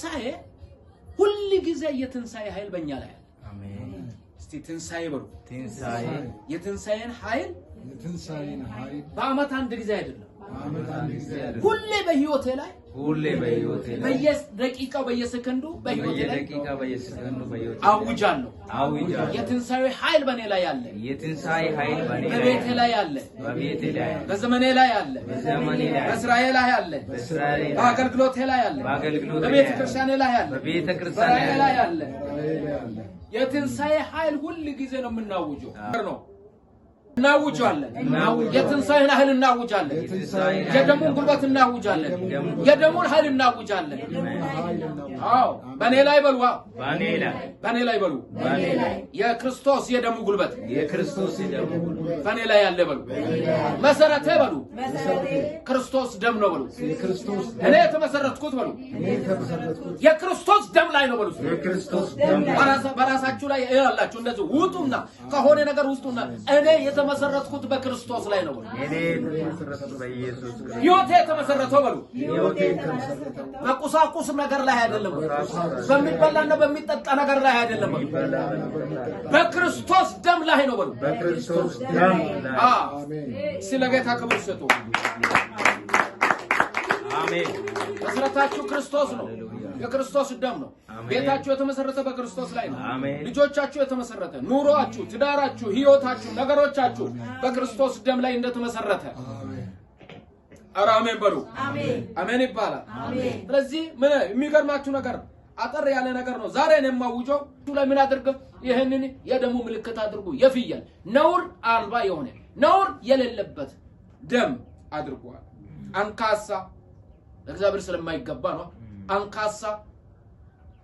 ትንሣኤ ሁል ጊዜ የትንሣኤ ኃይል በእኛ ላይ አለ። አሜን። እስቲ ትንሣኤ በሉ። ትንሣኤ የትንሣኤን ኃይል በአመት አንድ ጊዜ አይደለም ሁሌ በህይወቴ ላይ ሁሌ በህይወቴ ላይ በየደቂቃው በየሰከንዱ በህይወቴ ላይ በየደቂቃው በየሰከንዱ በህይወቴ አውጃለሁ አውጃለሁ የትንሣኤ ኃይል በኔ ላይ አለ የትንሣኤ ኃይል በኔ ላይ በቤቴ ላይ አለ በቤቴ ላይ በዘመኔ ላይ አለ በዘመኔ ላይ በእስራኤል ላይ አለ በእስራኤል ላይ በአገልግሎቴ ላይ አለ በአገልግሎቴ ላይ በቤተ ክርስቲያኔ ላይ አለ በቤተ ክርስቲያኔ ላይ አለ የትንሣኤ ኃይል ሁል ጊዜ ነው የምናውጀው ነው እናውጃለን። የትንሣኤን ኃይል እናውጃለን። የደሙን ጉልበት እናውጃለን። የደሙን ኃይል እናውጃለን። አዎ በእኔ ላይ በሉ፣ በእኔ ላይ በሉ። የክርስቶስ የደሙ ጉልበት በእኔ ላይ ያለ በሉ፣ መሰረቴ በሉ። ክርስቶስ ደም ነው በሉ። እኔ የተመሰረትኩት በሉ፣ የክርስቶስ ደም ላይ ነው በሉ። በራሳችሁ ላይ ያላችሁ እንደዚህ ውጡና ከሆነ ነገር ውስጡና እኔ የተመሰረትኩት በክርስቶስ ላይ ነው። ህይወቴ የተመሰረተው በሉ በቁሳቁስ ነገር ላይ አይደለም፣ በሚበላና በሚጠጣ ነገር ላይ አይደለም፣ በክርስቶስ ደም ላይ ነው። በሉ ስለ ጌታ ክብር ስጡ። መሰረታችሁ ክርስቶስ ነው። የክርስቶስ ደም ነው። ቤታችሁ የተመሰረተ በክርስቶስ ላይ ነው። ልጆቻችሁ የተመሰረተ ኑሮአችሁ፣ ትዳራችሁ፣ ህይወታችሁ፣ ነገሮቻችሁ በክርስቶስ ደም ላይ እንደተመሰረተ ኧረ አሜን በሉ። አሜን ይባላል። ስለዚህ ምን የሚገርማችሁ ነገር አጠር ያለ ነገር ነው። ዛሬ ነው የማውጀው ላይ ምን አድርግ፣ ይህንን የደሙ ምልክት አድርጉ። የፍየል ነውር አልባ የሆነ ነውር የሌለበት ደም አድርጓል። አንካሳ እግዚአብሔር ስለማይገባ ነው። አንካሳ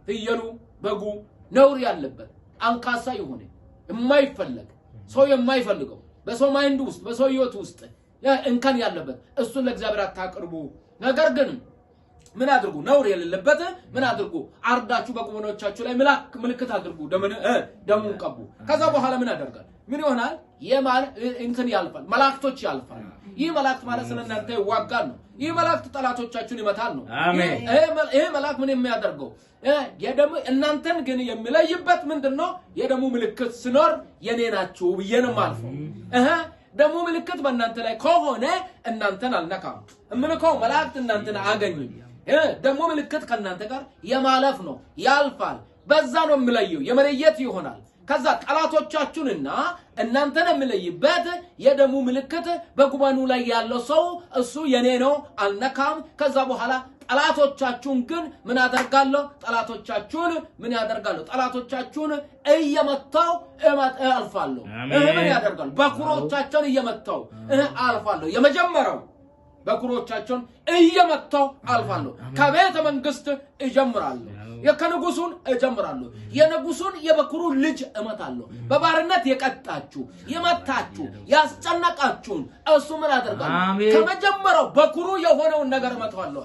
ፍየሉ፣ በጉ ነውር ያለበት አንካሳ የሆነ የማይፈለግ ሰው የማይፈልገው በሰው ማይንድ ውስጥ በሰው ህይወት ውስጥ እንከን ያለበት እሱን ለእግዚአብሔር አታቅርቡ። ነገር ግን ምን አድርጉ? ነውር የሌለበት ምን አድርጉ? አርዳችሁ በቁመኖቻችሁ ላይ ምልክት አድርጉ፣ ደሙን ቀቡ። ከዛ በኋላ ምን ያደርጋል? ምን ይሆናል? የማን እንትን ያልፋል፣ መላእክቶች ያልፋል። ይህ መላእክት ማለት ስለ እናንተ ይዋጋል ነው። ይህ መላእክት ጠላቶቻችሁን ይመታል ነው። ይህ መልአክ ምን የሚያደርገው የደሙ እናንተን ግን የሚለይበት ምንድን ነው? የደሙ ምልክት ሲኖር የኔ ናችሁ ብዬ ነው የማልፈው። ደሙ ምልክት በእናንተ ላይ ከሆነ እናንተን አልነካም። እምልከው መላእክት እናንተን አያገኙም። ደሙ ምልክት ከእናንተ ጋር የማለፍ ነው፣ ያልፋል። በዛ ነው የሚለየው፣ የመለየት ይሆናል ከዛ ጠላቶቻችሁንና እናንተን የምለይበት የደሙ ምልክት በጉባኑ ላይ ያለው ሰው እሱ የኔ ነው አልነካም። ከዛ በኋላ ጠላቶቻችሁን ግን ምን አደርጋለሁ? ጠላቶቻችሁን ምን ያደርጋለሁ? ጠላቶቻችሁን እየመታው አልፋለሁ። እህ ምን ያደርጋለሁ? በኩሮቻቸውን እየመታው እህ አልፋለሁ። የመጀመሪያው በኩሮቻቸውን እየመታው አልፋለሁ። ከቤተ መንግስት እጀምራለሁ። ከንጉሱን እጀምራለሁ። የንጉሱን የበኩሩ ልጅ እመታለሁ። በባርነት የቀጣችሁ የመታችሁ ያስጨነቃችሁን እሱ ምን አደርጋለሁ? ከመጀመሪያው በኩሩ የሆነውን ነገር እመታዋለሁ።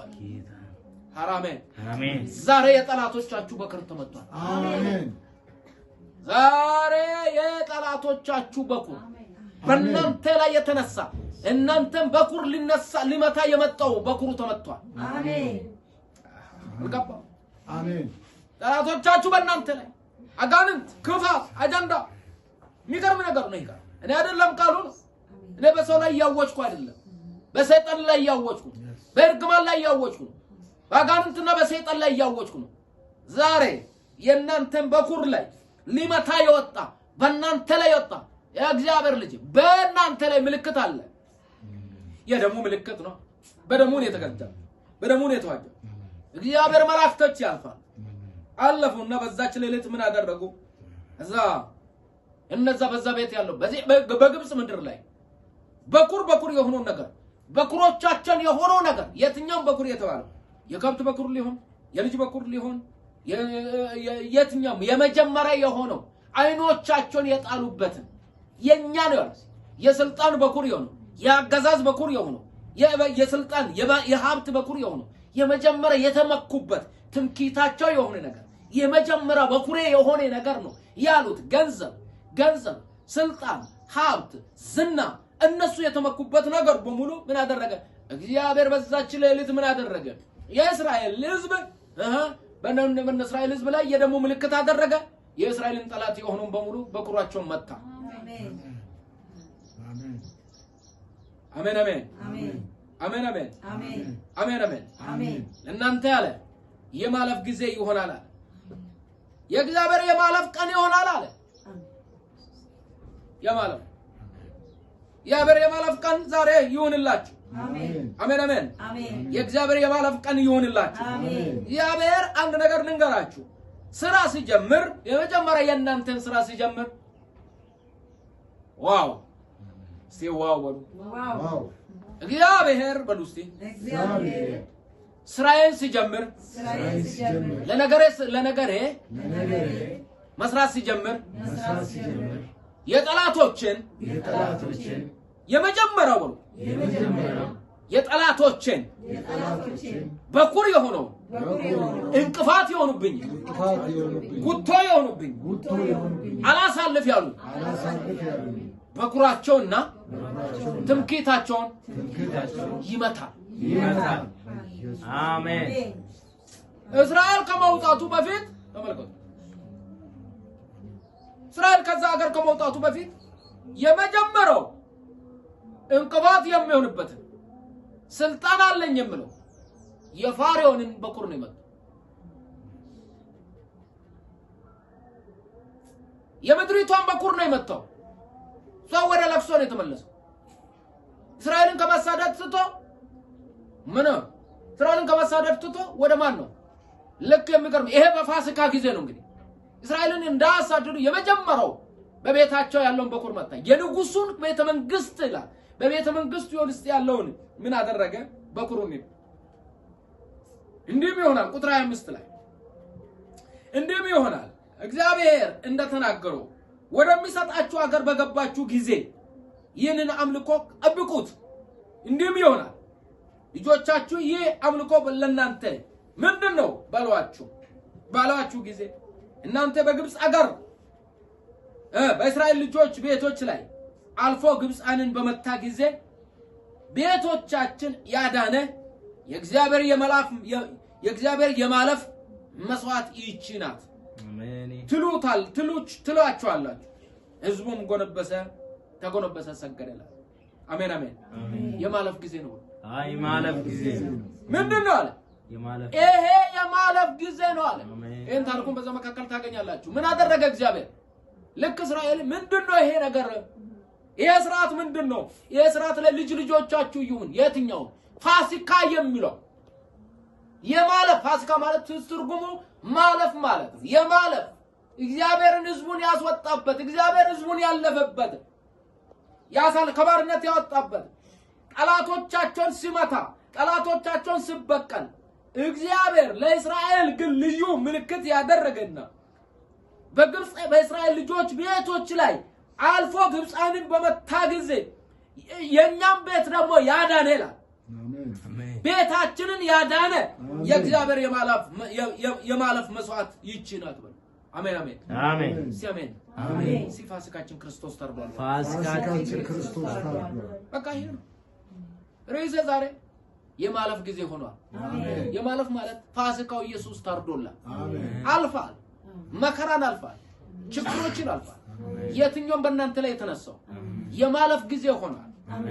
አሜን። ዛሬ የጠላቶቻችሁ በኩር ተመቷል። ዛሬ የጠላቶቻችሁ በኩር በእናንተ ላይ የተነሳ እናንተን በኩር ሊነሳ ሊመታ የመጣው በኩሩ ተመቷል። አሜን። አሜን። ጠላቶቻችሁ በእናንተ ላይ አጋንንት፣ ክፋት፣ አጀንዳ የሚገርም ነገር ነው። ይቀር እኔ አይደለም ቃሉ ነው። እኔ በሰው ላይ እያወጭኩ አይደለም፣ በሰይጣን ላይ እያወጭኩ በእርግማን ላይ እያወጭኩ ነው። በአጋንንትና በሰይጣን ላይ እያወጭኩ ነው። ዛሬ የእናንተን በኩር ላይ ሊመታ የወጣ በእናንተ ላይ የወጣ የእግዚአብሔር ልጅ በእናንተ ላይ ምልክት አለ። የደሙ ምልክት ነው። በደሙ ነው የተገደለ፣ በደሙ የተዋጀ እግዚአብሔር መላእክቶች ያልፋል እና በዛች ሌሊት ምን አደረጉ? እዛ እነዛ በዛ ቤት ያለው በዚህ በግብጽ ምድር ላይ በኩር በኩር የሆኑ ነገር በኩሮቻቸውን የሆነው ነገር የትኛውም በኩር የተባለው የከብት በኩር ሊሆን የልጅ በኩር ሊሆን የትኛውም የመጀመሪያ የሆነው አይኖቻቸውን የጣሉበትን የእኛ ነው ያሉት የስልጣን በኩር የሆነው የአገዛዝ በኩር የሆነው የስልጣን የሀብት በኩር የሆነው የመጀመሪያ የተመኩበት ትምኪታቸው የሆነ ነገር የመጀመሪያ በኩሬ የሆነ ነገር ነው ያሉት። ገንዘብ ገንዘብ፣ ስልጣን፣ ሀብት፣ ዝና እነሱ የተመኩበት ነገር በሙሉ ምን አደረገ? እግዚአብሔር በዛች ሌሊት ምን አደረገ? የእስራኤል ህዝብ በእነ እስራኤል ህዝብ ላይ የደሙ ምልክት አደረገ። የእስራኤልን ጠላት የሆኑን በሙሉ በቁሯቸው መታ። አሜን አሜን። አሜን አሜን አሜን አሜን አሜን። ለእናንተ አለ የማለፍ ጊዜ ይሆናል አለ። የእግዚአብሔር የማለፍ ቀን ይሆናል አለ። የማለፍ የእግዚአብሔር የማለፍ ቀን ዛሬ ይሁንላችሁ። አሜን አሜን። የእግዚአብሔር የማለፍ ቀን ይሁንላችሁ። እግዚአብሔር አንድ ነገር ልንገራችሁ፣ ስራ ሲጀምር የመጀመሪያ የእናንተን ስራ ሲጀምር ዋው፣ ሲዋው ዋው እግዚአብሔር በሉ እስቲ ስራዬን ሲጀምር ለነገሬ ለነገሬ መስራት ሲጀምር የጠላቶችን የመጀመሪያው በሉ የጠላቶችን በኩር የሆነው እንቅፋት የሆኑብኝ፣ ጉቶ የሆኑብኝ፣ አላሳልፍ ያሉ በኩራቸውና ትምክህታቸውን ይመታል። አሜን። እስራኤል ከመውጣቱ በፊት እስራኤል ከዛ ሀገር ከመውጣቱ በፊት የመጀመሪያው እንቅፋት የሚሆንበትን ስልጣን አለኝ የምለው የፋሪዮንን በኩር ነው የመጡ። የምድሪቷን በኩር ነው የመታው። ሰው ወደ ለቅሶ ነው የተመለሰው። እስራኤልን ከማሳደድ ትቶ ምን እስራኤልን ከማሳደድ ትቶ ወደ ማን ነው? ልክ የሚቀርም ይሄ በፋሲካ ጊዜ ነው እንግዲህ እስራኤልን እንዳያሳድዱ የመጀመሪያው በቤታቸው ያለውን በኩር መታ። የንጉሱን ቤተ መንግስት ይላል። በቤተ መንግስቱ ውስጥ ያለውን ምን አደረገ? በኩሩን እንዲህም ይሆናል ቁጥር 25 ላይ እንዲህም ይሆናል እግዚአብሔር እንደተናገረው ወደሚሰጣችሁ አገር በገባችሁ ጊዜ ይህንን አምልኮ ጠብቁት። እንዲህም ይሆናል ልጆቻችሁ ይህ አምልኮ ለእናንተ ምንድን ነው ባሏችሁ ባሏችሁ ጊዜ እናንተ በግብፅ አገር በእስራኤል ልጆች ቤቶች ላይ አልፎ ግብፃንን በመታ ጊዜ ቤቶቻችን ያዳነ የእግዚአብሔር የመላፍ የእግዚአብሔር የማለፍ መስዋዕት ይቺ ናት ትሉታል ትሉች ትሏቸዋላችሁ። ህዝቡም ጎነበሰ፣ ተጎነበሰ፣ ሰገደላ አሜን አሜን። የማለፍ ጊዜ ነው። አይ ማለፍ ጊዜ ምንድን ነው አለ ይሄ የማለፍ ጊዜ ነው አለ። ይህን ታሪኩን በዛ መካከል ታገኛላችሁ። ምን አደረገ እግዚአብሔር? ልክ እስራኤል ምንድን ነው ይሄ ነገር ይሄ ስርዓት ምንድን ነው? ይሄ ስርዓት ለልጅ ልጆቻችሁ ይሁን። የትኛው ፋሲካ የሚለው የማለፍ ፋሲካ ማለት ትርጉሙ ማለፍ ማለት ነው። የማለፍ እግዚአብሔርን ህዝቡን ያስወጣበት እግዚአብሔር ህዝቡን ያለፈበት ያሳል ከባርነት ያወጣበት ጠላቶቻቸውን ሲመታ ጠላቶቻቸውን ሲበቀል እግዚአብሔር ለእስራኤል ግን ልዩ ምልክት ያደረገና በግብፅ በእስራኤል ልጆች ቤቶች ላይ አልፎ ግብፃንን በመታ ጊዜ የእኛም ቤት ደግሞ ያዳነ ይላል። ቤታችንን ያዳነ የእግዚአብሔር የማላፍ የማለፍ መስዋዕት ይቺ ናት። አሜን አሜን አሜን አሜን አሜን። ፋሲካችን ክርስቶስ ተርቧል። ፋሲካችን ክርስቶስ ተርቧል። በቃ ይሄ ነው ሬዘ ዛሬ የማለፍ ጊዜ ሆኗል። የማለፍ ማለት ፋሲካው ኢየሱስ ታርዶላል። አልፋል። መከራን አልፋል። ችግሮችን አልፋል። የትኛውም በእናንተ ላይ የተነሳው የማለፍ ጊዜ ሆኗል።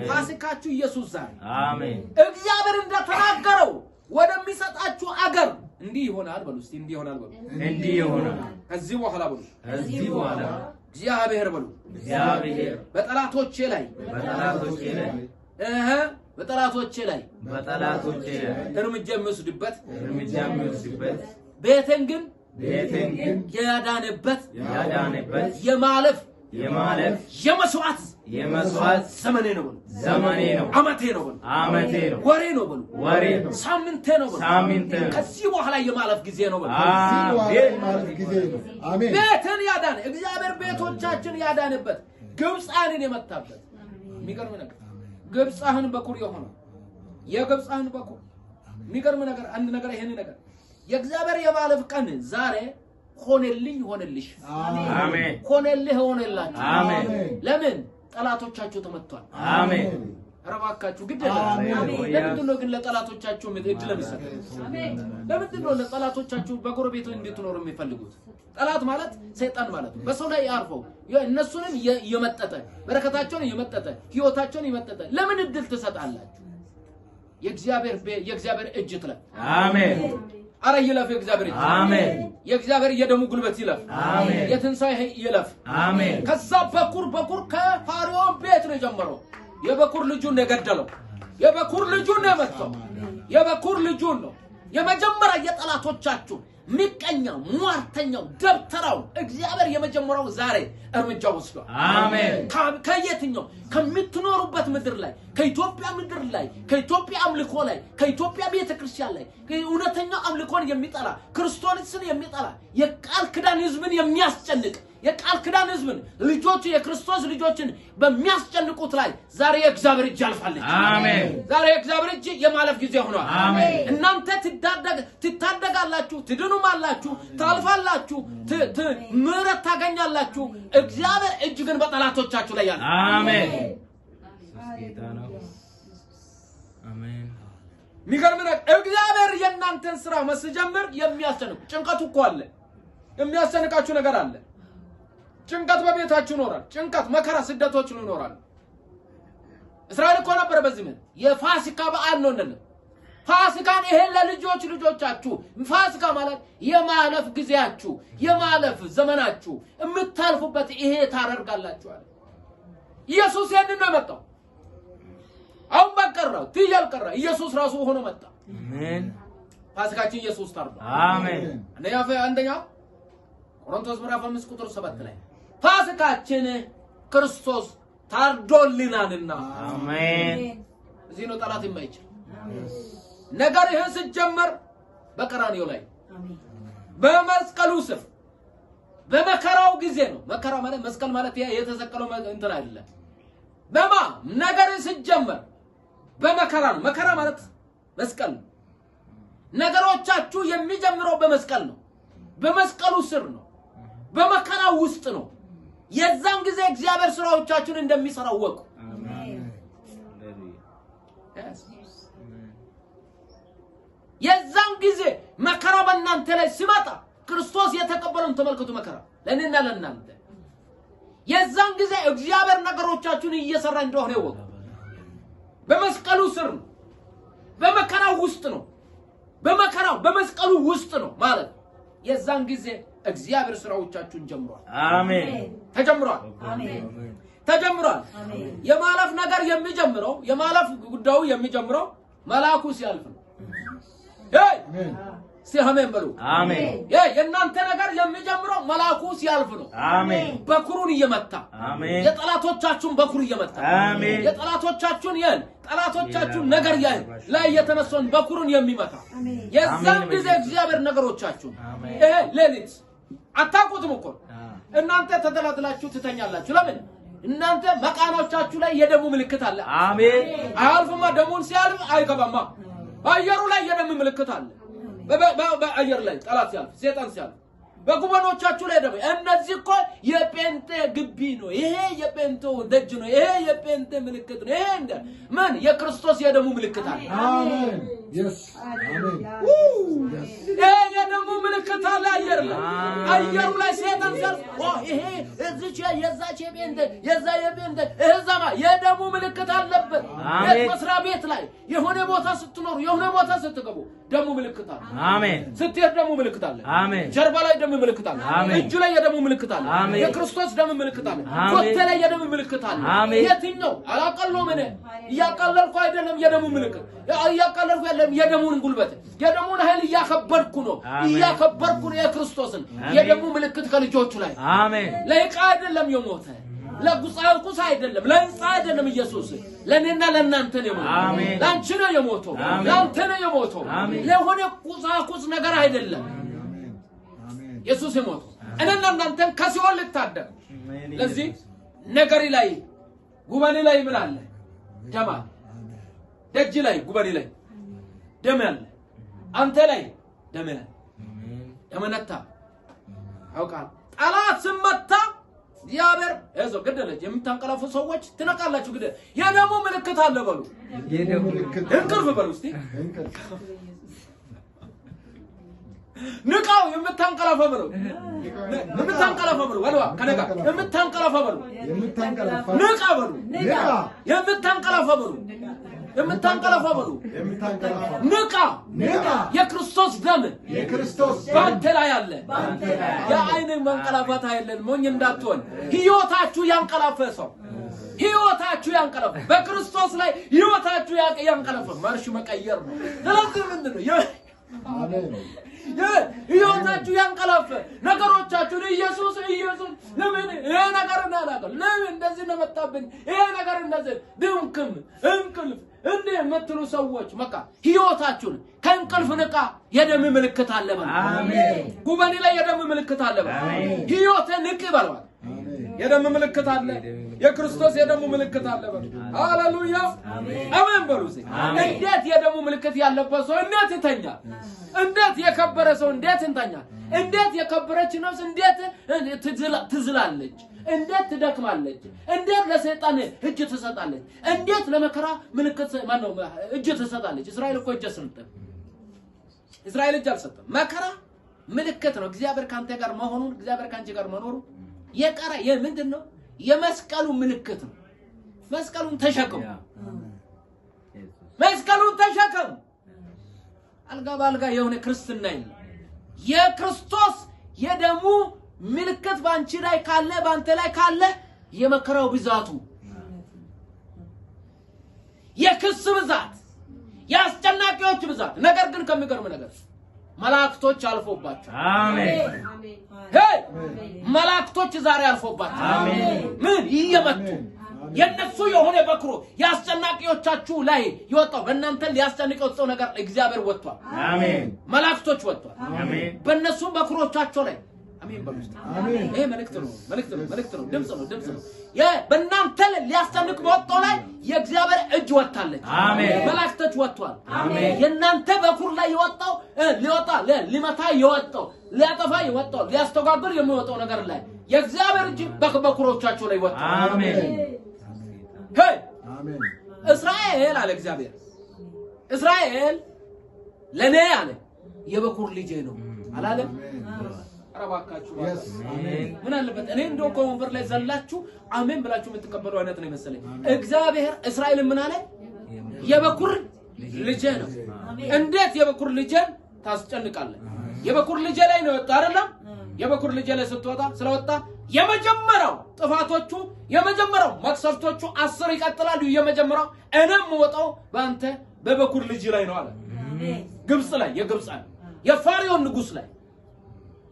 ፋሲካችሁ ኢየሱስ ዛሬ አሜን። እግዚአብሔር እንደተናገረው ወደሚሰጣችሁ አገር እንዲህ ይሆናል በሉ እስቲ እንዲህ ይሆናል በሉ እንዲህ ይሆናል። ከዚህ በኋላ በሉ ከዚህ በኋላ እግዚአብሔር በሉ እግዚአብሔር በጠላቶቼ ላይ በጠላቶቼ ላይ እህ በጠላቶቼ ላይ በጠላቶቼ ላይ እርምጃ የሚወስድበት እርምጃ የሚወስድበት ቤቴን ግን ቤቴን ግን ያዳነበት ያዳነበት የማለፍ የማለፍ የመስዋዕት የመስዋዕት ዘመኔ ነው ብሎ ዘመኔ ነው። አመቴ ነው ብሎ አመቴ ነው። ወሬ ነው ብሎ ወሬ ነው። ሳምንቴ ነው ብሎ ሳምንቴ ነው። ከዚህ በኋላ የማለፍ ጊዜ ነው በሉ፣ አሜን። ቤትን ያዳነ እግዚአብሔር ቤቶቻችን ያዳንበት ግብፃንን የመታበት የሚገርም ነገር ግብፃህን በኩር የሆነ የግብፃህን በኩር የሚገርም ነገር አንድ ነገር ይሄን ነገር የእግዚአብሔር የማለፍ ቀን ዛሬ ሆነልኝ ሆነልሽ፣ አሜን። ሆነልህ ሆነላችሁ፣ አሜን። ለምን ጠላቶቻቸው ተመቷል። አሜን። ረባካችሁ ግድ ለምንድን ነው ግን ለጠላቶቻችሁ እድል የሚሰጠው? ለምንድን ነው ለጠላቶቻችሁ በጎረቤቱ እንድትኖሩ የሚፈልጉት? ጠላት ማለት ሰይጣን ማለት ነው። በሰው ላይ አርፈው እነሱንም የመጠጠ በረከታቸውን የመጠጠ ህይወታቸውን የመጠጠ ለምን እድል ትሰጣላችሁ? የእግዚአብሔር የእግዚአብሔር እጅ ትለ አሜን አረ ይለፍ የእግዚአብሔር እጅ አሜን። የእግዚአብሔር የደሙ ጉልበት ይለፍ አሜን። የትንሣኤ ይለፍ አሜን። ከዛ በኩር በኩር ከፋሪዖን ቤት ነው የጀመረው። የበኩር ልጁን ነው የገደለው። የበኩር ልጁን ነው የበኩር ልጁን ነው የመጀመሪያ የጠላቶቻችሁ ምቀኛው፣ ሟርተኛው፣ ደብተራው እግዚአብሔር የመጀመሪያው ዛሬ እርምጃ ወስዷል። አሜን። ከየትኛው ከምትኖሩበት ምድር ላይ ከኢትዮጵያ ምድር ላይ ከኢትዮጵያ አምልኮ ላይ ከኢትዮጵያ ቤተክርስቲያን ላይ እውነተኛው አምልኮን የሚጠላ ክርስቶስን የሚጠላ የቃል ክዳን ህዝብን የሚያስጨንቅ የቃል ክዳን ህዝብን ልጆቹ የክርስቶስ ልጆችን በሚያስጨንቁት ላይ ዛሬ የእግዚአብሔር እጅ አሜን። ዛሬ የእግዚአብሔር እጅ የማለፍ ጊዜ ሆኗል። እናንተ ትታደጋላችሁ፣ ትድኑም አላችሁ፣ ታልፋላችሁ፣ ምሕረት ታገኛላችሁ። እግዚአብሔር እጅ ግን በጠላቶቻችሁ ላይ ያለ አሜን። የሚገርም እግዚአብሔር የእናንተን ስራ መስጀምር የሚያስጨንቁ ጭንቀቱ እኮ አለ። የሚያስጨንቃችሁ ነገር አለ። ጭንቀት በቤታችሁ ይኖራል። ጭንቀት፣ መከራ፣ ስደቶች ይኖራል። እስራኤል እኮ ነበር በዚህ ምን የፋሲካ በዓል ነው እንደነ ፋሲካን ይሄን ለልጆች ልጆቻችሁ ፋሲካ ማለት የማለፍ ጊዜያችሁ የማለፍ ዘመናችሁ የምታልፉበት ይሄ ታደርጋላችኋል። ኢየሱስ ይህንን ነው የመጣው። አሁን በቀረው ትያል ቀረ ኢየሱስ ራሱ ሆኖ መጣ። አሜን። ፋሲካችን ኢየሱስ ታርዷል። አሜን። አንደኛ አንደኛ ቆሮንቶስ ምዕራፍ 5 ቁጥር 7 ላይ ፋሲካችን ክርስቶስ ታርዶልናልና አሜን። እዚህ ነው ጠላት የማይችል ነገር። ይህን ስጀመር በቀራንዮ ላይ በመስቀሉ ስፍ በመከራው ጊዜ ነው። መከራ ማለት መስቀል ማለት የተሰቀለው እንትን አይደለም። በማ ነገር ስጀመር በመከራ ነው። መከራ ማለት መስቀል ነው። ነገሮቻችሁ የሚጀምረው በመስቀል ነው። በመስቀሉ ስር ነው። በመከራው ውስጥ ነው። የዛን ጊዜ እግዚአብሔር ስራዎቻችሁን እንደሚሰራ ወቁ። የዛን ጊዜ መከራ በእናንተ ላይ ሲመጣ ክርስቶስ የተቀበለውን ተመልከቱ። መከራ ለእኔና ለእናንተ። የዛን ጊዜ እግዚአብሔር ነገሮቻችሁን እየሰራ እንደሆነ ይወቁ። በመስቀሉ ስር ነው። በመከራው ውስጥ ነው። በመከራው በመስቀሉ ውስጥ ነው ማለት የዛን ጊዜ እግዚአብሔር ስራዎቻችሁን ጀምሯል። አሜን። ተጀምሯል። አሜን። ተጀምሯል። አሜን። የማለፍ ነገር የሚጀምረው የማለፍ ጉዳዩ የሚጀምረው መልአኩ ሲያልፍ ነው። አይ ሲያመን በሉ አሜን። የእናንተ ነገር የሚጀምረው መልአኩ ሲያልፍ ነው። አሜን። በኩሩን እየመታ አሜን። የጠላቶቻችሁን በኩር እየመታ አሜን። የጠላቶቻችሁን ይል ጠላቶቻችሁን ነገር ያይ ላይ የተነሳውን በኩሩን የሚመታ የዛን ጊዜ እግዚአብሔር ነገሮቻችሁን ይሄ ሌሊት አታውቁትም እኮ እናንተ ተደላድላችሁ ትተኛላችሁ። ለምን? እናንተ መቃኖቻችሁ ላይ የደሙ ምልክት አለ። አሜን። አያልፍማ። ደሙን ሲያልፍ አይገባማ። በአየሩ ላይ የደም ምልክት አለ። በአየር ላይ ጠላት ሲያልፍ፣ ሴጣን ሲያልፍ በጉበኖቻችሁ ላይ ደግሞ እነዚህ እኮ የጴንጤ ግቢ ነው፣ ይሄ የጴንጤው ደጅ ነው፣ ይሄ የጴንጤ ምልክት ነው። ይሄ እንደ ምን የክርስቶስ የደሙ ምልክት አለ። ይሄ የደሙ ምልክት አለ። አየር ላይ አየሩ ላይ ሰይጣን ዘር ይሄ እዚች የዛች የጴንጤ የዛ የጴንጤ እዛማ የደሙ ምልክት አለበት። መስሪያ ቤት ላይ የሆነ ቦታ ስትኖሩ የሆነ ቦታ ስትገቡ ደሙ ምልክት አለ። አሜን። ስትሄድ ደሙ ምልክት አለ። አሜን። ጀርባ ላይ ደሙ ምልክት አለ። አሜን። እጁ ላይ የደሙ ምልክት አለ። አሜን። የክርስቶስ ደሙ ምልክት አለ። አሜን። ኮቴ ላይ የደሙ ምልክት አለ። አሜን። የትኛው አላቀለውም? እኔ እያቀለልኩ አይደለም። የደሙ ምልክት እያቀለልኩ አይደለም። የደሙን ጉልበት፣ የደሙን ኃይል እያከበርኩ ነው። እያከበርኩ ነው የክርስቶስን የደሙ ምልክት ከልጆቹ ላይ አሜን። ለይቃ አይደለም የሞተ ቁስ አይደለም፣ ለህንፃ አይደለም። ኢየሱስ ለእኔና ለእናንተ ነው የሞተው። ለአንቺ ነው የሞተው፣ ለአንተ ነው የሞተው። ለሆነ ቁሳቁስ ነገር አይደለም ኢየሱስ የሞተው እኔና እናንተ ከሲኦል ልታደግ። ስለዚህ ነገሪ ላይ ጉበኔ ላይ ምን አለ? ደም አለ። ደጅ ላይ ጉበኔ ላይ ደም ያለ፣ አንተ ላይ ደም አለ። ደመነታ ያውቃል ጠላት ስመታ እግዚአብሔር እዛው ግደለች የምታንቀላፉ ሰዎች ትነቃላችሁ። ግደ የደሙ ምልክት አለ በሉ እንቅልፍ በሉ እስቲ ንቃው የምታንቀላፋ በሉ የምታንቀላፋ በሉ ወልዋ ከነጋ የምታንቀላፋ በሉ ንቃ በሉ የምታንቀላፋ በሉ የምታንቀላፋ በሉ ንቃ። የክርስቶስ ደም ባንተ ላይ አለ። የአይን መንቀላፋት አይለን ሞኝ እንዳትሆን። ህይወታችሁ ያንቀላፈ ሰው ህይወታችሁ ያንቀላፈ በክርስቶስ ላይ ህይወታችሁ ያንቀላፈ ማርሽ መቀየር ነው። ስለዚህ ምንድን ነው ህይወታችሁ ያንቀላፈ ነገሮቻችሁን ኢየሱስ ኢየሱስ ለምን ይሄ ነገር እናላቀል ለምን እንደዚህ ነው መጣብኝ ይሄ ነገር እንደዚህ ድንክም እንቅልፍ እንደ የምትሉ ሰዎች በቃ ህይወታችሁን ከእንቅልፍ ንቃ የደም ምልክት አለ አሜን ጉበኔ ላይ የደም ምልክት አለ በል ህይወቴ ንቅ በል የደም ምልክት አለ የክርስቶስ የደሙ ምልክት አለበት። ሃሌሉያ አሜን በሉ። እንዴት የደሙ ምልክት ያለበት ሰው እንዴት ይተኛል? እንዴት የከበረ ሰው እንዴት እንተኛል? እንዴት የከበረች ነፍስ እንዴት ትዝላለች? እንዴት ትደክማለች? እንዴት ለሰይጣን እጅ ትሰጣለች? እንዴት ለመከራ ምልክት ማነው እጅ ትሰጣለች? እስራኤል እኮ እጅ አልሰጠም። እስራኤል እጅ አልሰጠም። መከራ ምልክት ነው። እግዚአብሔር ካንተ ጋር መሆኑን እግዚአብሔር ካንቺ ጋር መኖሩ የቀረ የምንድን ነው? የመስቀሉ ምልክት ነው። መስቀሉን ተሸከሙ፣ መስቀሉን ተሸከሙ። አልጋ በአልጋ የሆነ ክርስትና የለም። የክርስቶስ የደሙ ምልክት በአንቺ ላይ ካለ፣ በአንተ ላይ ካለ የመከራው ብዛቱ፣ የክስ ብዛት፣ የአስጨናቂዎች ብዛት ነገር ግን ከሚገርም ነገር መላእክቶች አልፎባቸው መላእክቶች ዛሬ አልፎባቸው ምን እየመጡ የነሱ የሆነ በክሮ የአስጨናቂዎቻችሁ ላይ የወጣው በእናንተ ሊያስጨንቅ የወጣው ነገር እግዚአብሔር ወጥቷል። መላእክቶች ወጥቷል። በእነሱም በክሮቻቸው ላይ አሜን በሉ። ይሄ መልእክት ነው፣ መልእክት ነው፣ መልእክት ነው፣ ድምጽ ነው፣ ድምጽ ነው። በእናንተ ሊያስጠንቅ በወጣው ላይ የእግዚአብሔር እጅ ወጥታለች። አሜን። መላእክቶች ወጥቷል። አሜን። የእናንተ በኩር ላይ የወጣው ሊወጣ ሊመታ የወጣው ሊያጠፋ የወጣው ሊያስተጓጉር የሚወጣው ነገር ላይ የእግዚአብሔር እጅ በኩሮቻቸው ላይ ወጥቷል። አሜን። ሄይ አሜን። እስራኤል አለ እግዚአብሔር እስራኤል ለኔ አለ የበኩር ልጄ ነው አላለም? አረባካችሁ ምን አለበት እኔ እንደው ከወንበር ላይ ዘላችሁ አሜን ብላችሁ የምትቀበሉ አይነት ነው የመሰለኝ። እግዚአብሔር እስራኤል ምን አለ? የበኩር ልጄ ነው። እንዴት የበኩር ልጄን ታስጨንቃለህ? የበኩር ልጄ ላይ ነው የወጣ አይደለም። የበኩር ልጄ ላይ ስትወጣ ስለወጣ የመጀመሪያው ጥፋቶቹ የመጀመሪያው መቅሰፍቶቹ አስር ይቀጥላሉ። የመጀመሪያው እኔም ወጣው በአንተ በበኩር ልጅ ላይ ነው አለ። ግብፅ ላይ የግብፅ የፋሪዮን ንጉስ ላይ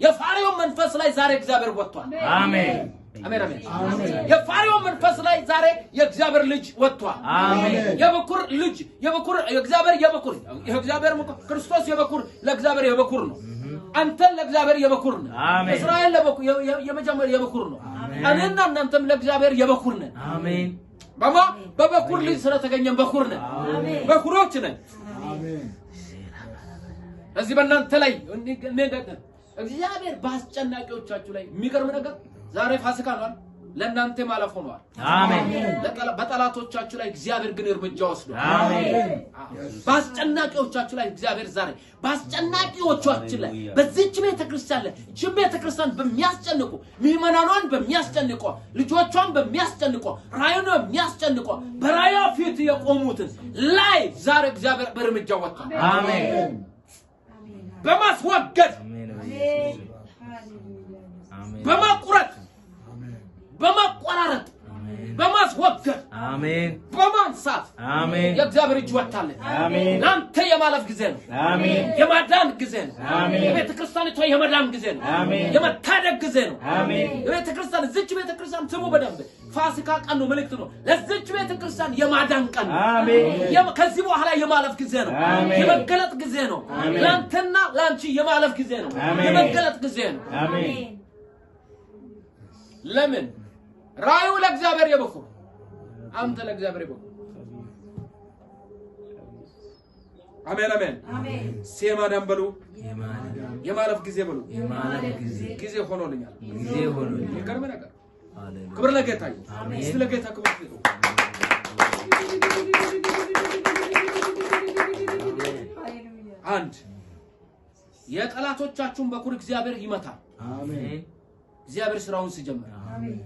የፋሪዮን መንፈስ ላይ ዛሬ እግዚአብሔር ወጥቷል። አሜን አሜን አሜን። የፋሪዮን መንፈስ ላይ ዛሬ የእግዚአብሔር ልጅ ወጥቷል። አሜን። የበኩር ልጅ የበኩር የእግዚአብሔር የበኩር የእግዚአብሔር ክርስቶስ የበኩር ለእግዚአብሔር የበኩር ነው። አንተን ለእግዚአብሔር የበኩር ነህ። አሜን። እስራኤል ለበኩር የመጀመሪያ የበኩር ነው። እኔና እናንተም ለእግዚአብሔር የበኩር ነን። አሜን። በማ በበኩር ልጅ ስለተገኘን በኩር ነን። በኩሮች ነን። አሜን። እዚህ በእናንተ ላይ እግዚአብሔር በአስጨናቂዎቻችሁ ላይ የሚገርም ነገር ዛሬ ፋሲካ ነው ለእናንተ ማለፍ ሆኗል። አሜን። በጠላቶቻችሁ ላይ እግዚአብሔር ግን እርምጃ ወስዶ አሜን። በአስጨናቂዎቻችሁ ላይ እግዚአብሔር ዛሬ በአስጨናቂዎቻችን ላይ በዚህች ቤተ ክርስቲያን ላይ ይህች ቤተ ክርስቲያን በሚያስጨንቁ ምዕመናኗን በሚያስጨንቁ ልጆቿን በሚያስጨንቁ ራዩን በሚያስጨንቁ በራያ ፊት የቆሙትን ላይ ዛሬ እግዚአብሔር እርምጃ ወጥቷል። አሜን። በማስወገድ በማቁረጥ በማቆራረጥ በማስወገድ አሜን፣ በማንሳት አሜን። የእግዚአብሔር እጅ ወጣለን። አሜን። ለአንተ የማለፍ ጊዜ ነው። አሜን። የማዳን ጊዜ ነው። አሜን። የቤተ ክርስቲያኒቷ የመዳን ጊዜ ነው። አሜን። የመታደግ ጊዜ ነው። አሜን። የቤተ ክርስቲያን ዝች ቤተ ክርስቲያን ስሙ በደንብ ፋሲካ ቀን ነው፣ መልእክት ነው። ለዝች ቤተ ክርስቲያን የማዳን ቀን ነው። ከዚህ በኋላ የማለፍ ጊዜ ነው። የመገለጥ ጊዜ ነው። ለአንተና ለአንቺ የማለፍ ጊዜ ነው። የመገለጥ ጊዜ ነው። አሜን። ለምን ራዩ ለእግዚአብሔር የበኩር አንተ ለእግዚአብሔር የበኩር አሜን አሜን ሴማ ዳም በሉ የማለፍ ጊዜ በሉ ጊዜ ሆኖልኛል። ጊዜ ሆኖልኛል። ይቀርበ ነገር ክብር ለጌታ ይሁን። እስቲ ለጌታ ክብር ይሁን። አንድ የጠላቶቻችሁን በኩር እግዚአብሔር ይመታል። አሜን። እግዚአብሔር ስራውን ሲጀምር አሜን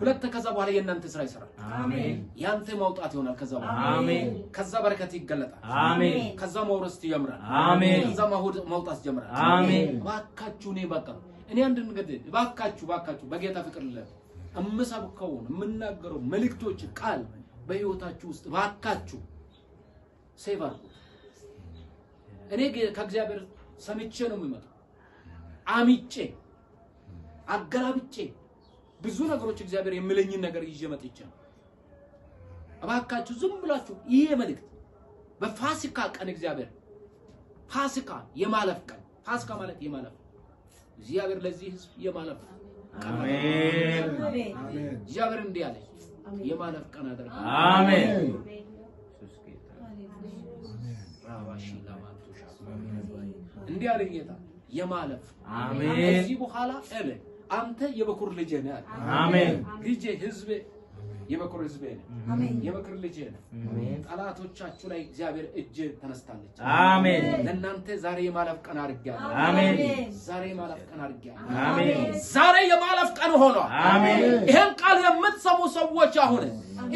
ሁለት ከዛ በኋላ የእናንተ ስራ ይሰራል። አሜን። ያንተ ማውጣት ይሆናል። ከዛ በኋላ አሜን። ከዛ በረከት ይገለጣል። አሜን። ከዛ መውረስ ይጀምራል። አሜን። ከዛ ማውድ ማውጣት ይጀምራል። አሜን። እባካችሁ እኔ በቃ እኔ አንድ ነገር እባካችሁ እባካችሁ በጌታ ፍቅር ለ እምሰብከውን የምናገረው መልእክቶች ቃል በህይወታችሁ ውስጥ እባካችሁ ሴቭ አድርጉት። እኔ ከእግዚአብሔር ሰምቼ ነው የሚመጣው አሚጬ አገላብጬ ብዙ ነገሮች እግዚአብሔር የምለኝን ነገር ይዤ መጥቼ ነው። እባካችሁ ዝም ብላችሁ ይሄ መልእክት በፋሲካ ቀን እግዚአብሔር ፋሲካ የማለፍ ቀን ፋሲካ ማለት የማለፍ እግዚአብሔር ለዚህ ህዝብ የማለፍ አሜን። እግዚአብሔር እንዲህ አለ የማለፍ ቀን አደረገ። አሜን። እንዲህ አለ ጌታ የማለፍ አሜን። ከዚህ በኋላ እልህ አንተ የበኩር ልጅ ነህ አለ። አሜን። ልጄ ህዝቤ የበኩር ህዝቤ ነህ። አሜን። የበኩር ልጅ ነህ። አሜን። ጠላቶቻችሁ ላይ እግዚአብሔር እጅ ተነስታለች። አሜን። ለእናንተ ዛሬ የማለፍ ቀን አድርጌያለሁ። አሜን። ዛሬ የማለፍ ቀን አድርጌያለሁ። አሜን። ዛሬ የማለፍ ቀን ሆኗል። አሜን። ይሄን ቃል የምትሰሙ ሰዎች አሁን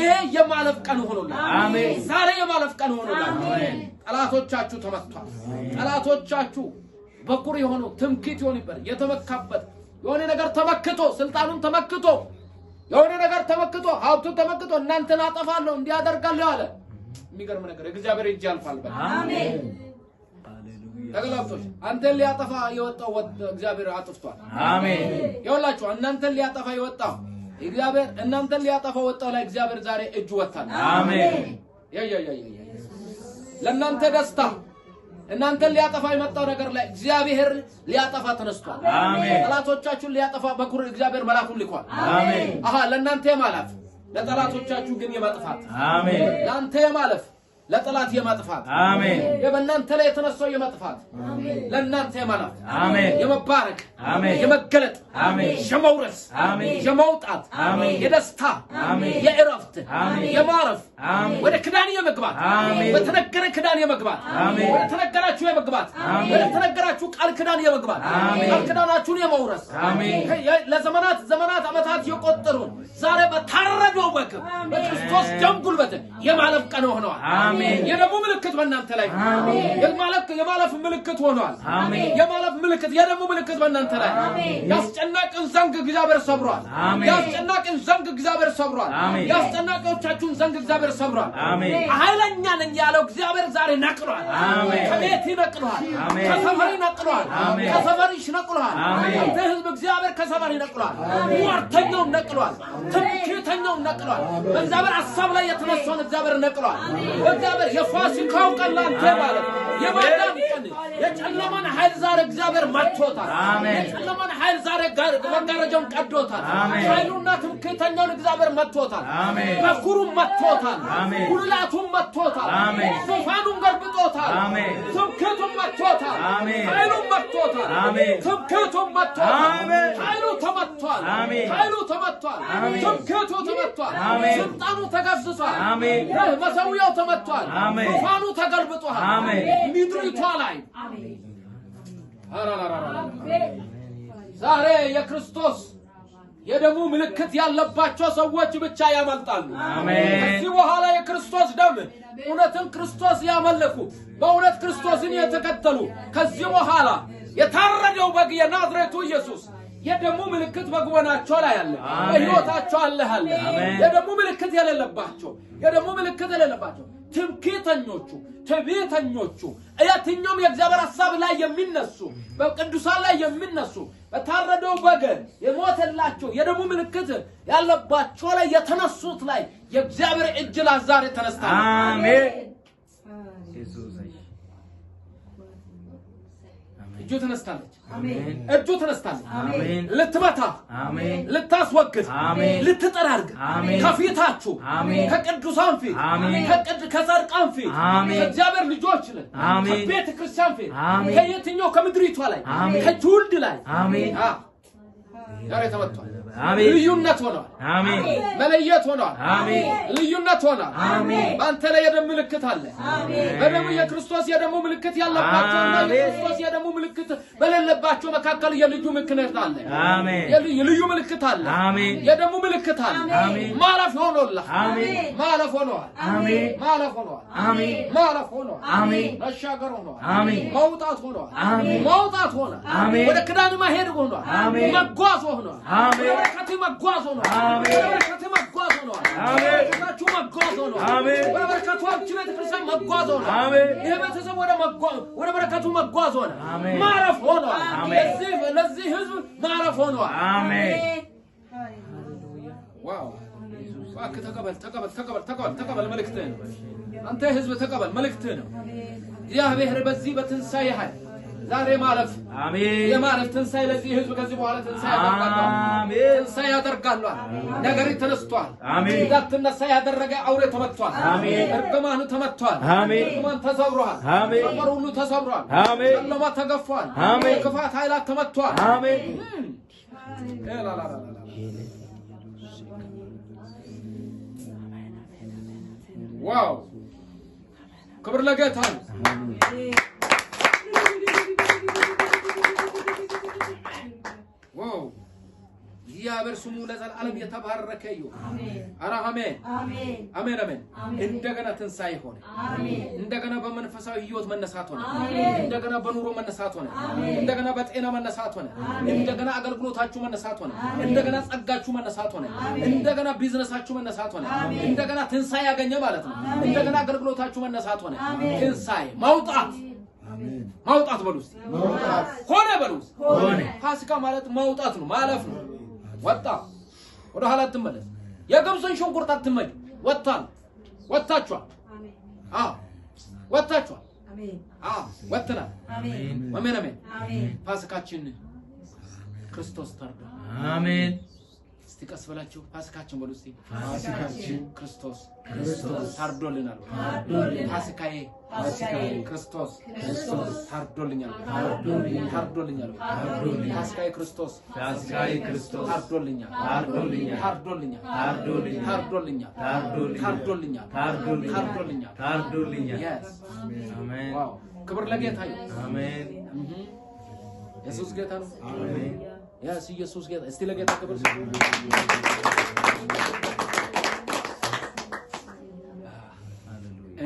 ይሄ የማለፍ ቀን ሆኖላል። አሜን። ዛሬ የማለፍ ቀን ሆኖላል። አሜን። ጠላቶቻችሁ ተመቷል። ጠላቶቻችሁ በኩር የሆኑ ትምክህት ይሆንበት የተመካበት የሆነ ነገር ተመክቶ ስልጣኑን ተመክቶ የሆነ ነገር ተመክቶ ሀብቱን ተመክቶ እናንተን አጠፋለሁ እንዲያደርጋለሁ አለ። የሚገርም ነገር እግዚአብሔር እጅ ያልፋል። አሜን። ተገላብጦች አንተን ሊያጠፋ የወጣው እግዚአብሔር አጥፍቷል። አሜን። ይኸውላችሁ እናንተን ሊያጠፋ የወጣው እግዚአብሔር እናንተን ሊያጠፋ ወጣው ላይ እግዚአብሔር ዛሬ እጅ ወጥታል። አሜን። ለእናንተ ደስታ እናንተን ሊያጠፋ የመጣው ነገር ላይ እግዚአብሔር ሊያጠፋ ተነስቷል። አሜን። ጠላቶቻችሁን ሊያጠፋ በኩር እግዚአብሔር መላኩን ልኳል። አሜን። አሃ ለእናንተ የማላፍ ለጠላቶቻችሁ ግን የማጥፋት አሜን። ለአንተ የማለፍ ለጠላት የማጥፋት አሜን። በእናንተ ላይ የተነሳው የማጥፋት አሜን። ለእናንተ የማላፍ አሜን። የመባረክ አሜን። የመገለጥ አሜን። የመውረስ አሜን። የመውጣት አሜን። የደስታ አሜን። የእረፍት አሜን። የማረፍ ወደ ክዳኔ የመግባት በተነገረ ክዳኔ የመግባት ወደ ተነገራችሁ የመግባት ወደ ተነገራችሁ ቃል ክዳን የመግባት ቃል ክዳናችሁን የመውረስ ለዘመናት ዘመናት ዓመታት የቆጠሩን ዛሬ በታረደው በግብ በክርስቶስ ደም ጉልበት የማለፍ ቀን ሆነዋል። የደሙ ምልክት በእናንተ ላይ የማለፍ ምልክት ሆነዋል። የማለፍ ምልክት የደሙ ምልክት በእናንተ ላይ ያስጨናቅን ዘንግ እግዚአብሔር ሰብሯል። ያስጨናቅን ዘንግ እግዚአብሔር ሰብሯል። ያስጨናቂዎቻችሁን ዘንግ እግዚአብሔር ሰብሯል። ኃይለኛ ነኝ ያለው እግዚአብሔር ዛሬ ነቅሏል። አሜን። ከቤት ይነቅሏል። ከሰፈር ይነቅሏል። ከሰፈርሽ ነቅሏል። ህዝብ እግዚአብሔር ከሰፈር ይነቅሏል። ሟርተኛውን ነቅሏል። ትምክ የተኛውን ነቅሏል። በእግዚአብሔር ሀሳብ ላይ የተነሳውን እግዚአብሔር ነቅሏል። እግዚአብሔር የፋሲካው ቀን ላንተ ማለት የማዳን ቀን የጨለማን ኃይል ዛሬ እግዚአብሔር መጥቶታል። የጨለማን ኃይል ዛሬ መጋረጃውን ቀዶታል። ኃይሉና ትምክህተኛውን እግዚአብሔር መጥቶታል። በኩሩም መጥቶታል። ጉልላቱም መጥቶታል። ዙፋኑም ገርብጦታል። ትምክህቱም መጥቶታል። ኃይሉም መጥቶታል። ትምክህቱም መጥቶታል። ኃይሉ ተመቷል። ኃይሉ ተመቷል። ትምክህቱ ተመቷል። ስልጣኑ ተገዝቷል። መሰዊያው ተመቷል። ዙፋኑ ተገልብጧል። ምድሪቷ ላይ ዛሬ የክርስቶስ የደሙ ምልክት ያለባቸው ሰዎች ብቻ ያመልጣሉ። ከዚህ በኋላ የክርስቶስ ደም እውነትን ክርስቶስ ያመለኩ በእውነት ክርስቶስን የተከተሉ ከዚህ በኋላ የታረደው በግ የናዝሬቱ ኢየሱስ የደሙ ምልክት በጉበናቸው ላይ አለ፣ በህይወታቸው አለ አለ። የደሙ ምልክት የሌለባቸው የደሙ ምልክት የሌለባቸው ትምክህተኞቹ፣ ትዕቢተኞቹ የትኛውም የእግዚአብሔር ሐሳብ ላይ የሚነሱ በቅዱሳን ላይ የሚነሱ በታረደው በግ የሞተላቸው የደሙ ምልክት ያለባቸው ላይ የተነሱት ላይ የእግዚአብሔር እጅ ዛሬ ተነስታለች። አሜን እጆ ተነስታለች። እጁ ተነስታለች። ልትመታ፣ ልታስወግድ፣ ልትጠራርግ ከፊታችሁ ከቅዱሳን ፊት ከጻድቃን ፊት ከእግዚአብሔር ልጆች ነን ከቤተ ክርስቲያን ፊት ከየትኛው ከምድሪቷ ላይ ከትውልድ ላይ ዛሬ ተመቷል። ልዩነት ሆኗል። መለየት ሆኗል። ልዩነት ሆኗል። በአንተ ላይ የደም ምልክት አለ። በደሙ የክርስቶስ የደሙ ምልክት ያለባቸው እና የክርስቶስ የደሙ ምልክት በሌለባቸው መካከል የልዩ ምክንያት አለ። የልዩ ምልክት አለ። የደሙ ምልክት አለ። ማለፍ ሆኖልህ ማለፍ ሆኗል። ማለፍ ሆኗል። ማለፍ ሆኗል። መሻገር ሆኗል። መውጣት ሆኗል። መውጣት ሆኗል። ወደ ክዳን ማሄድ ሆኗል። መጓዝ ሆኗል። በበረከት መጓዝ ሆኗል። በበረከት መጓዝ ሆኗል። በበረከታችሁ መጓዝ ሆኗል። በበረከቷችሁ ቤተክርስቲያን መጓዝ ሆኗል። ይህ ቤተሰብ ወደ በረከቱ መጓዝ ሆነ፣ ማረፍ ሆኗል። ለዚህ ህዝብ ማረፍ ሆኗል። እባክህ ተቀበል፣ ተቀበል፣ ተቀበል፣ ተቀበል፣ ተቀበል። መልእክትህ ነው። አንተ ህዝብ ተቀበል፣ መልእክትህ ነው። እግዚአብሔር በዚህ በትንሣኤ ኃይል ዛሬ ማለፍ አሜን። የማረፍ ትንሣኤ ለዚህ ህዝብ ከዚህ በኋላ ትንሣኤ ያደርጋል። አሜን። ትንሣኤ ያደርጋል። ነገሪት ተነስቷል። አሜን። እንዳትነሳ ያደረገ አውሬ ተመቷል። አሜን። እርግማኑ ተመቷል። አሜን። እርግማን ተሰብሯል። አሜን። ወር ሁሉ ተሰብሯል። አሜን። ጨለማ ተገፏል። አሜን። ክፋት ኃይላት ተመቷል። አሜን። ዋው ክብር ለጌታ ነው። እግዚአብሔር ስሙ ለዘላለም የተባረከ ይሁን። አረ አሜን አሜን አሜን። እንደገና ትንሣኤ ሆነ። እንደገና በመንፈሳዊ ህይወት መነሳት ሆነ። እንደገና በኑሮ መነሳት ሆነ። እንደገና በጤና መነሳት ሆነ። እንደገና አገልግሎታችሁ መነሳት ሆነ። እንደገና ጸጋችሁ መነሳት ሆነ። እንደገና ቢዝነሳችሁ መነሳት ሆነ። እንደገና ትንሣኤ ያገኘ ማለት ነው። እንደገና አገልግሎታችሁ መነሳት ሆነ። ትንሣኤ ማውጣት ማውጣት በሉ እስቲ ሆነ በሉ። ፋሲካ ማለት ማውጣት ነው ማለፍ ነው። ወጣ። ወደ ኋላ አትመለስ። የግብፅን ሽንኩርት አትመኝ። ወጥቷል። ወጥታችኋል። አዎ ወጥታችኋል። አዎ ወጥተናል። አሜን አሜን። ፋሲካችን ክርስቶስ ታርዶ አሜን። እስቲ ቀስ ብላችሁ ፋሲካችን በሉ። እስቲ ፋሲካችን ክርስቶስ ክርስቶስ ታርዶልናል። ፋሲካዬ ፋሲካዬ ክርስቶስ ክርስቶስ ታርዶልኛል ታርዶልኛል። ታርዶልኛል ፋሲካዬ ክርስቶስ ፋሲካዬ ክርስቶስ ታርዶልኛል ታርዶልኛል ታርዶልኛል ታርዶልኛል ታርዶልኛል ታርዶልኛል ታርዶልኛል። የስ አሜን። ዋው ክብር ለጌታ ይሁን። አሜን። ኢየሱስ ጌታ ነው። አሜን። ያስ ኢየሱስ ጌታ። እስቲ ለጌታ ክብር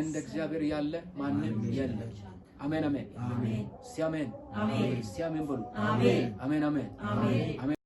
እንደ እግዚአብሔር ያለ ማንም የለም። አሜን አሜን። ሲያሜን ሲያሜን በሉ። አሜን አሜን አሜን።